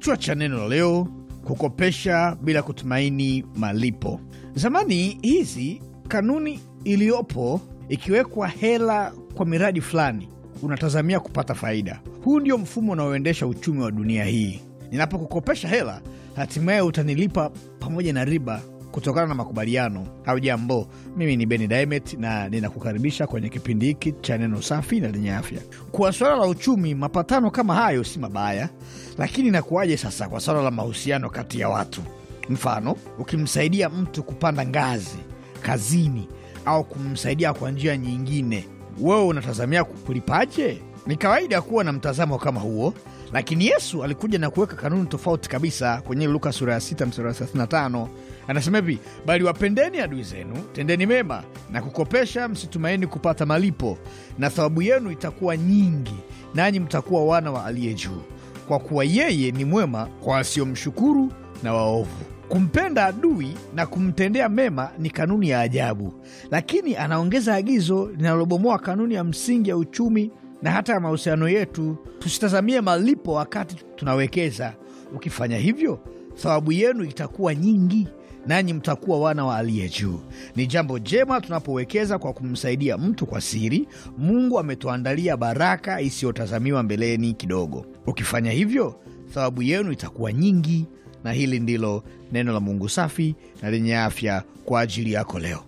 Kichwa cha neno la leo: kukopesha bila kutumaini malipo. Zamani hizi kanuni iliyopo ikiwekwa hela kwa miradi fulani, unatazamia kupata faida. Huu ndio mfumo unaoendesha uchumi wa dunia hii. Ninapokukopesha hela, hatimaye utanilipa pamoja na riba kutokana na makubaliano. au jambo mimi ni Beni Dimet na ninakukaribisha kwenye kipindi hiki cha neno safi na lenye afya. Kwa swala la uchumi, mapatano kama hayo si mabaya, lakini inakuwaje sasa kwa swala la mahusiano kati ya watu? Mfano, ukimsaidia mtu kupanda ngazi kazini au kumsaidia kwa njia nyingine, wewe unatazamia kulipaje? Ni kawaida ya kuwa na mtazamo kama huo, lakini Yesu alikuja na kuweka kanuni tofauti kabisa. Kwenye Luka sura ya 6 mstari wa 35 anasema hivi: bali wapendeni adui zenu, tendeni mema na kukopesha, msitumaini kupata malipo, na thawabu yenu itakuwa nyingi, nanyi mtakuwa wana wa aliye juu, kwa kuwa yeye ni mwema kwa wasiomshukuru na waovu. Kumpenda adui na kumtendea mema ni kanuni ya ajabu, lakini anaongeza agizo linalobomoa kanuni ya msingi ya uchumi na hata mahusiano yetu. Tusitazamie malipo wakati tunawekeza. Ukifanya hivyo, thawabu yenu itakuwa nyingi, nanyi mtakuwa wana wa aliye juu. Ni jambo jema tunapowekeza kwa kumsaidia mtu kwa siri. Mungu ametuandalia baraka isiyotazamiwa mbeleni kidogo. Ukifanya hivyo, thawabu yenu itakuwa nyingi. Na hili ndilo neno la Mungu safi na lenye afya kwa ajili yako leo.